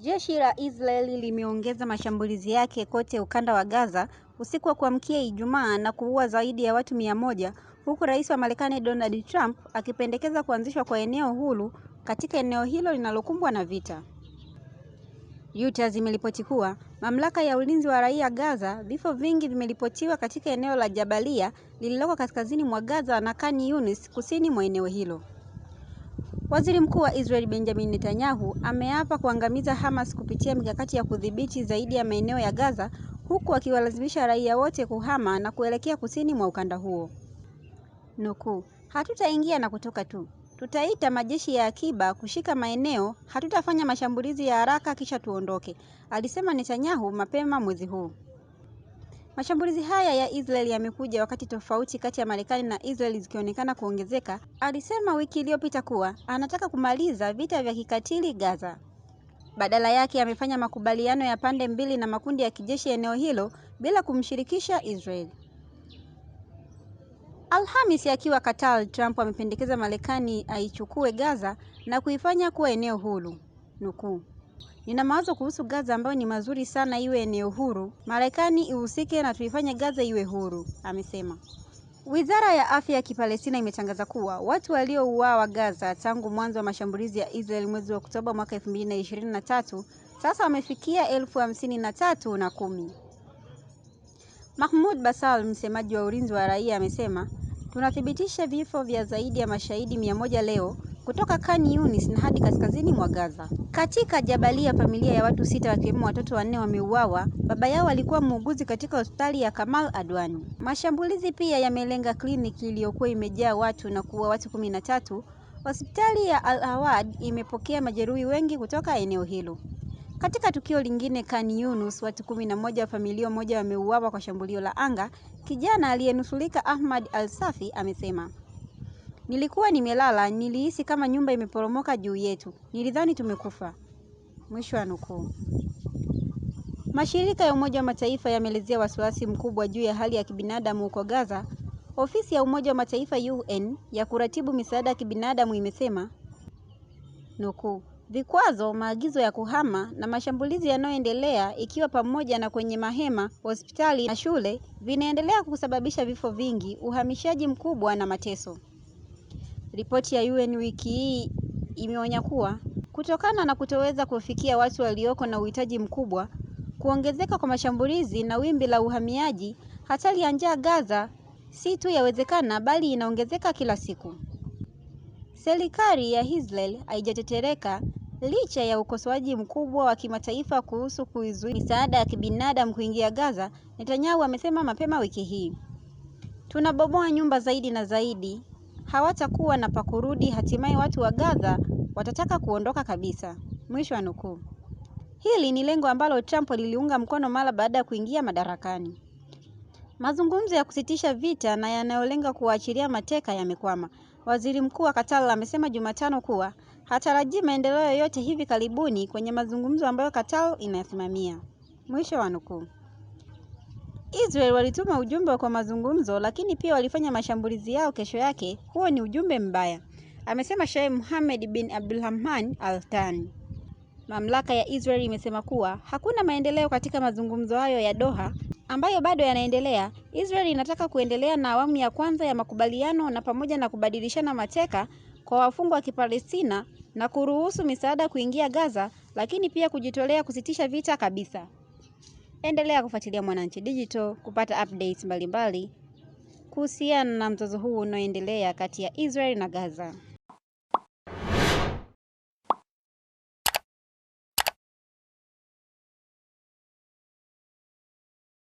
Jeshi la Israeli limeongeza mashambulizi yake kote ukanda wa Gaza usiku wa kuamkia Ijumaa na kuua zaidi ya watu mia moja huku Rais wa Marekani Donald Trump akipendekeza kuanzishwa kwa eneo huru katika eneo hilo linalokumbwa na vita. Reuters imeripoti kuwa mamlaka ya ulinzi wa raia Gaza, vifo vingi vimeripotiwa katika eneo la Jabalia lililoko kaskazini mwa Gaza na Khan Yunis kusini mwa eneo hilo. Waziri Mkuu wa Israel Benjamin Netanyahu ameapa kuangamiza Hamas kupitia mikakati ya kudhibiti zaidi ya maeneo ya Gaza huku akiwalazimisha raia wote kuhama na kuelekea kusini mwa ukanda huo. Nukuu, hatutaingia na kutoka tu, tutaita majeshi ya akiba kushika maeneo, hatutafanya mashambulizi ya haraka kisha tuondoke, alisema Netanyahu mapema mwezi huu. Mashambulizi haya ya Israel yamekuja wakati tofauti kati ya Marekani na Israel zikionekana kuongezeka. Alisema wiki iliyopita kuwa anataka kumaliza vita vya kikatili Gaza. Badala yake amefanya makubaliano ya pande mbili na makundi ya kijeshi eneo hilo bila kumshirikisha Israel. alhamis akiwa Qatar, Trump amependekeza Marekani aichukue Gaza na kuifanya kuwa eneo huru. Nukuu, Nina mawazo kuhusu Gaza ambayo ni mazuri sana iwe eneo huru. Marekani ihusike na tuifanye Gaza iwe huru, amesema. Wizara ya Afya ya Kipalestina imetangaza kuwa watu waliouawa Gaza tangu mwanzo wa mashambulizi ya Israel mwezi wa Oktoba mwaka 2023 sasa wamefikia elfu hamsini na tatu na kumi. Mahmoud Basal, msemaji wa ulinzi wa raia, amesema, tunathibitisha vifo vya zaidi ya mashahidi mia moja leo kutoka Khan Yunis na hadi kaskazini mwa Gaza. Katika Jabalia, familia ya watu sita wakiwemo watoto wanne wameuawa. Baba yao alikuwa muuguzi katika hospitali ya Kamal Adwani. Mashambulizi pia yamelenga kliniki iliyokuwa imejaa watu na kuua watu kumi na tatu. Hospitali ya Al Awad imepokea majeruhi wengi kutoka eneo hilo. Katika tukio lingine Khan Yunus, watu kumi na moja wa familia moja wameuawa kwa shambulio la anga. Kijana aliyenusurika Ahmad Al Safi amesema Nilikuwa nimelala, nilihisi kama nyumba imeporomoka juu yetu. Nilidhani tumekufa. Mwisho wa nukuu. Mashirika ya Umoja wa Mataifa yameelezea wasiwasi mkubwa juu ya hali ya kibinadamu huko Gaza. Ofisi ya Umoja wa Mataifa UN ya kuratibu misaada ya kibinadamu imesema nukuu, vikwazo, maagizo ya kuhama na mashambulizi yanayoendelea ikiwa pamoja na kwenye mahema, hospitali na shule vinaendelea kusababisha vifo vingi, uhamishaji mkubwa na mateso. Ripoti ya UN wiki hii imeonya kuwa kutokana na kutoweza kuwafikia watu walioko na uhitaji mkubwa, kuongezeka kwa mashambulizi na wimbi la uhamiaji, hatari ya njaa Gaza si tu yawezekana bali inaongezeka kila siku. Serikali ya Israel haijatetereka licha ya ukosoaji mkubwa wa kimataifa kuhusu kuizuia misaada ya kibinadamu kuingia Gaza, Netanyahu amesema mapema wiki hii. Tunabomoa nyumba zaidi na zaidi hawatakuwa na pa kurudi hatimaye watu wa Gaza watataka kuondoka kabisa. Mwisho wa nukuu. Hili ni lengo ambalo Trump liliunga mkono mara baada ya kuingia madarakani. Mazungumzo ya kusitisha vita na yanayolenga kuwaachilia mateka yamekwama. Waziri Mkuu wa Qatar amesema Jumatano kuwa hatarajii maendeleo yoyote hivi karibuni kwenye mazungumzo ambayo Qatar inayasimamia. Mwisho wa nukuu. Israel walituma ujumbe kwa mazungumzo lakini pia walifanya mashambulizi yao kesho yake. Huo ni ujumbe mbaya, amesema Sheikh Mohammed bin Abdulrahman Al Thani. Mamlaka ya Israel imesema kuwa hakuna maendeleo katika mazungumzo hayo ya Doha ambayo bado yanaendelea. Israel inataka kuendelea na awamu ya kwanza ya makubaliano na pamoja na kubadilishana mateka kwa wafungwa wa Kipalestina na kuruhusu misaada kuingia Gaza, lakini pia kujitolea kusitisha vita kabisa. Endelea kufuatilia Mwananchi Digital kupata updates mbalimbali kuhusiana na mzozo huu unaoendelea kati ya Israel na Gaza.